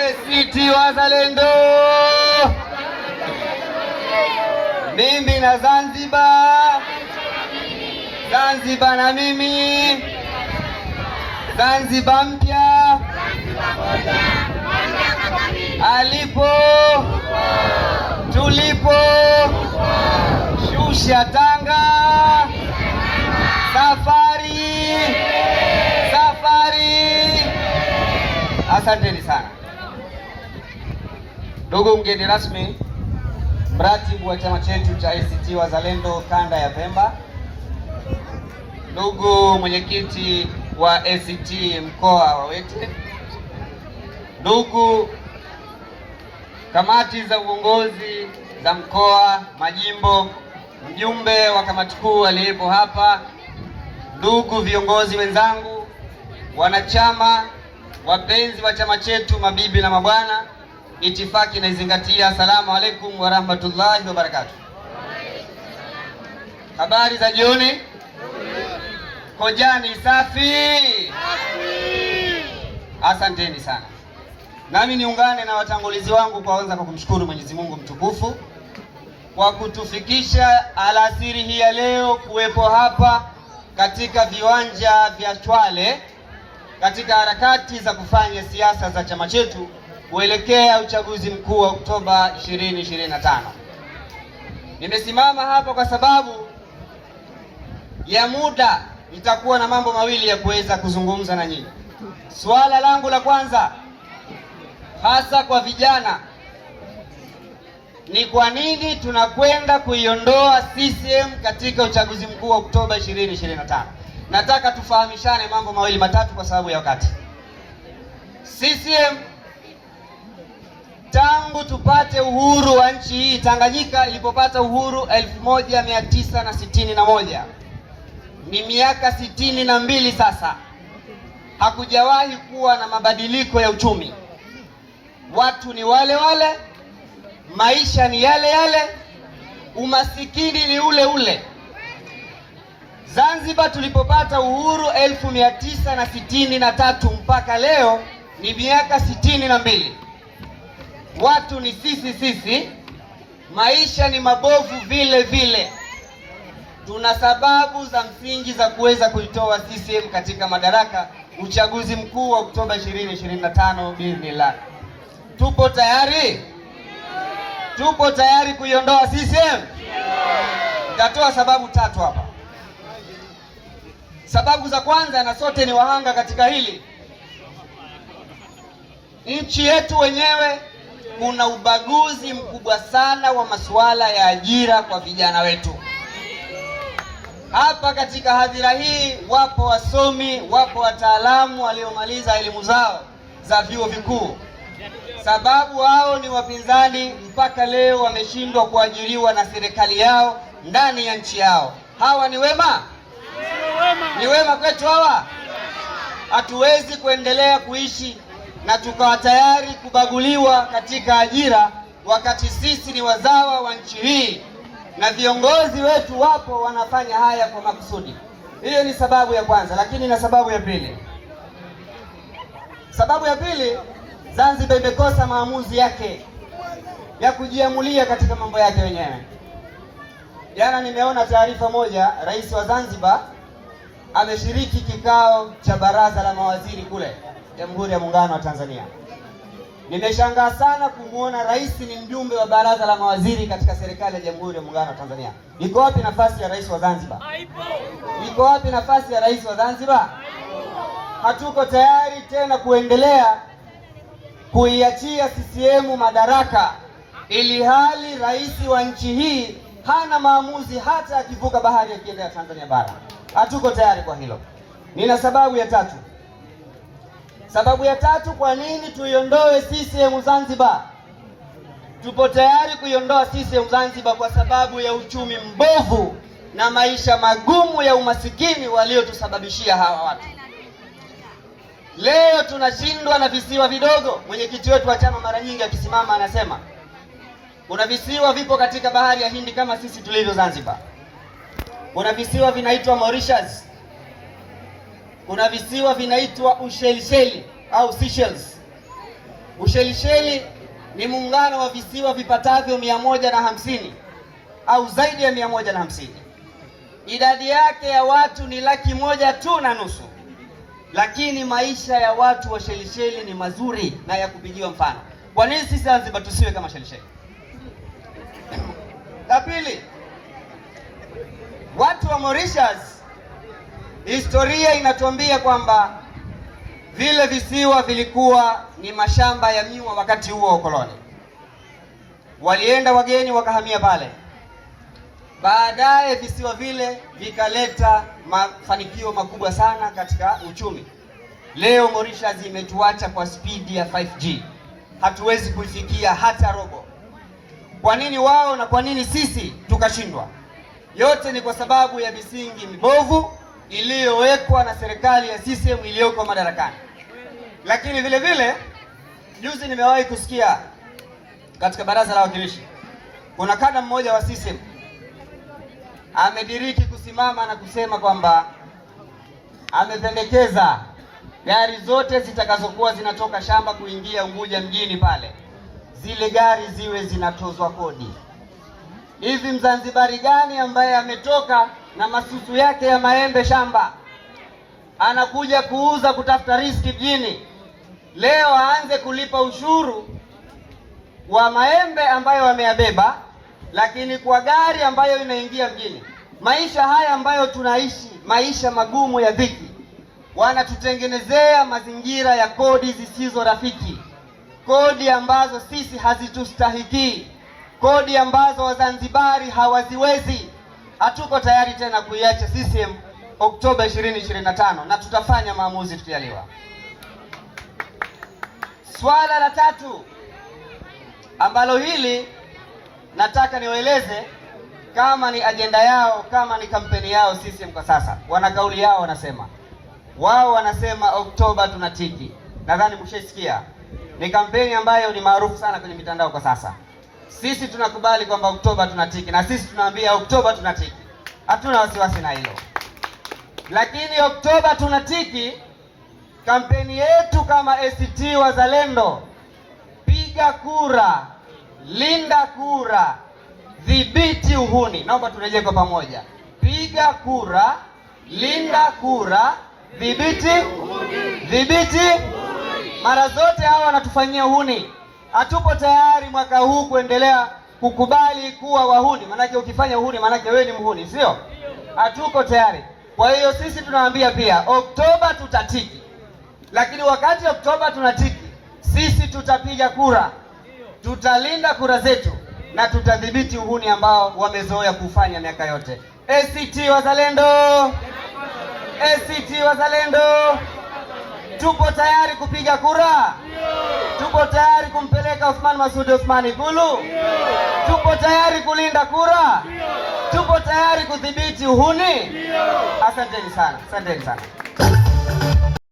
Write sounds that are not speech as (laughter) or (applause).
ACT Wazalendo, mimi na Zanzibar, Zanzibar na mimi, Zanzibar mpya alipo tulipo Tanga. safari safari. Asanteni sana ndugu mgeni rasmi, mratibu wa chama chetu cha ACT Wazalendo kanda ya Pemba, ndugu mwenyekiti wa ACT mkoa wa Wete, ndugu kamati za uongozi za mkoa, majimbo mjumbe wa kamati kuu aliyepo hapa, ndugu viongozi wenzangu, wanachama, wapenzi wa chama chetu, mabibi na mabwana, itifaki inaizingatia. Asalamu alaikum warahmatullahi wabarakatuh. Habari za jioni. Kojani safi. Asanteni sana, nami niungane na watangulizi wangu kwanza kwa kumshukuru Mwenyezi Mungu mtukufu kwa kutufikisha alasiri hii ya leo kuwepo hapa katika viwanja vya Chwale katika harakati za kufanya siasa za chama chetu kuelekea uchaguzi mkuu wa Oktoba 2025. Nimesimama hapa kwa sababu ya muda, nitakuwa na mambo mawili ya kuweza kuzungumza na nyinyi. Suala langu la kwanza hasa kwa vijana ni kwa nini tunakwenda kuiondoa CCM katika uchaguzi mkuu wa Oktoba 2025. Nataka tufahamishane mambo mawili matatu kwa sababu ya wakati. CCM tangu tupate uhuru wa nchi hii, Tanganyika ilipopata uhuru 1961 ni miaka sitini na mbili sasa, hakujawahi kuwa na mabadiliko ya uchumi, watu ni wale wale maisha ni yale yale, umasikini ni ule ule. Zanzibar tulipopata uhuru elfu mia tisa na sitini na tatu mpaka leo ni miaka sitini na mbili. Watu ni sisi sisi, maisha ni mabovu vile vile. Tuna sababu za msingi za kuweza kuitoa CCM katika madaraka uchaguzi mkuu wa Oktoba 2025 bismillah. Tupo tayari? tupo tayari kuiondoa CCM. Nitatoa sababu tatu hapa. Sababu za kwanza, na sote ni wahanga katika hili, nchi yetu wenyewe kuna ubaguzi mkubwa sana wa masuala ya ajira kwa vijana wetu. Hapa katika hadhira hii wapo wasomi, wapo wataalamu waliomaliza elimu zao za vyuo vikuu sababu hao ni wapinzani mpaka leo wameshindwa kuajiriwa na serikali yao ndani ya nchi yao. Hawa ni wema? Ni wema kwetu hawa? Hatuwezi kuendelea kuishi na tukawa tayari kubaguliwa katika ajira, wakati sisi ni wazawa wa nchi hii na viongozi wetu wapo wanafanya haya kwa makusudi. Hiyo ni sababu ya kwanza, lakini na sababu ya pili, sababu ya pili Zanzibar imekosa maamuzi yake ya kujiamulia katika mambo yake wenyewe. Jana nimeona taarifa moja, rais wa Zanzibar ameshiriki kikao cha baraza la mawaziri kule Jamhuri ya Muungano wa Tanzania. Nimeshangaa sana kumwona rais ni mjumbe wa baraza la mawaziri katika serikali ya Jamhuri ya Muungano wa Tanzania. Iko wapi nafasi ya rais wa Zanzibar? Iko wapi nafasi ya rais wa Zanzibar? Hatuko tayari tena kuendelea kuiachia CCM madaraka, ili hali rais wa nchi hii hana maamuzi hata akivuka bahari ya Tanzania bara. Hatuko tayari kwa hilo. Nina sababu ya tatu. Sababu ya tatu kwa nini tuiondoe CCM Zanzibar. Tupo tayari kuiondoa CCM Zanzibar kwa sababu ya uchumi mbovu na maisha magumu ya umasikini waliotusababishia hawa watu. Leo tunashindwa na visiwa vidogo. Mwenyekiti wetu wa chama mara nyingi akisimama anasema kuna visiwa vipo katika bahari ya Hindi kama sisi tulivyo Zanzibar. Kuna visiwa vinaitwa Mauritius, kuna visiwa vinaitwa Ushelisheli au Seychelles. Ushelisheli ni muungano wa visiwa vipatavyo mia moja na hamsini au zaidi ya mia moja na hamsini. Idadi yake ya watu ni laki moja tu na nusu lakini maisha ya watu wa Shelisheli ni mazuri na ya kupigiwa mfano. Kwa nini sisi Zanzibar tusiwe kama Shelisheli? (coughs) La pili, watu wa Mauritius, historia inatuambia kwamba vile visiwa vilikuwa ni mashamba ya miwa wakati huo wa ukoloni. Walienda wageni wakahamia pale Baadaye visiwa vile vikaleta mafanikio makubwa sana katika uchumi. Leo Mauritius imetuacha kwa spidi ya 5G, hatuwezi kuifikia hata robo. Kwa nini wao na kwa nini sisi tukashindwa? Yote ni kwa sababu ya misingi mibovu iliyowekwa na serikali ya CCM iliyoko madarakani. Lakini vile vile juzi nimewahi kusikia katika baraza la wawakilishi kuna kada mmoja wa CCM amediriki kusimama na kusema kwamba amependekeza gari zote zitakazokuwa zinatoka shamba kuingia Unguja mjini pale, zile gari ziwe zinatozwa kodi. Hivi Mzanzibari gani ambaye ametoka na masusu yake ya maembe shamba anakuja kuuza kutafuta riski mjini, leo aanze kulipa ushuru wa maembe ambayo ameyabeba lakini kwa gari ambayo imeingia mjini. Maisha haya ambayo tunaishi, maisha magumu ya dhiki, wanatutengenezea mazingira ya kodi zisizo rafiki, kodi ambazo sisi hazitustahiki, kodi ambazo Wazanzibari hawaziwezi. Hatuko tayari tena kuiacha CCM Oktoba 2025 na tutafanya maamuzi tukialiwa. Swala la tatu ambalo hili nataka niwaeleze kama ni ajenda yao, kama ni kampeni yao CCM kwa sasa. Wana kauli yao, wanasema wao wanasema Oktoba tunatiki. Nadhani mshaisikia, ni kampeni ambayo ni maarufu sana kwenye mitandao kwa sasa. Sisi tunakubali kwamba Oktoba tunatiki, na sisi tunaambia Oktoba tunatiki, hatuna wasiwasi na hilo. Lakini Oktoba tunatiki, kampeni yetu kama ACT Wazalendo, piga kura linda kura, dhibiti uhuni. Naomba turejee kwa pamoja: piga kura, linda kura, dhibiti dhibiti. Mara zote hawa wanatufanyia uhuni. Hatupo tayari mwaka huu kuendelea kukubali kuwa wahuni, maanake ukifanya uhuni, maanake wewe ni mhuni, sio? Hatuko tayari. Kwa hiyo sisi tunawaambia pia, Oktoba tutatiki, lakini wakati Oktoba tunatiki, sisi tutapiga kura tutalinda kura zetu na tutadhibiti uhuni ambao wamezoea kufanya miaka yote. ACT Wazalendo, ACT Wazalendo, tupo tayari kupiga kura, tupo tayari kumpeleka Othman Masudi Othman Ikulu, tupo tayari kulinda kura, tupo tayari kudhibiti uhuni. Asanteni sana, asanteni sana.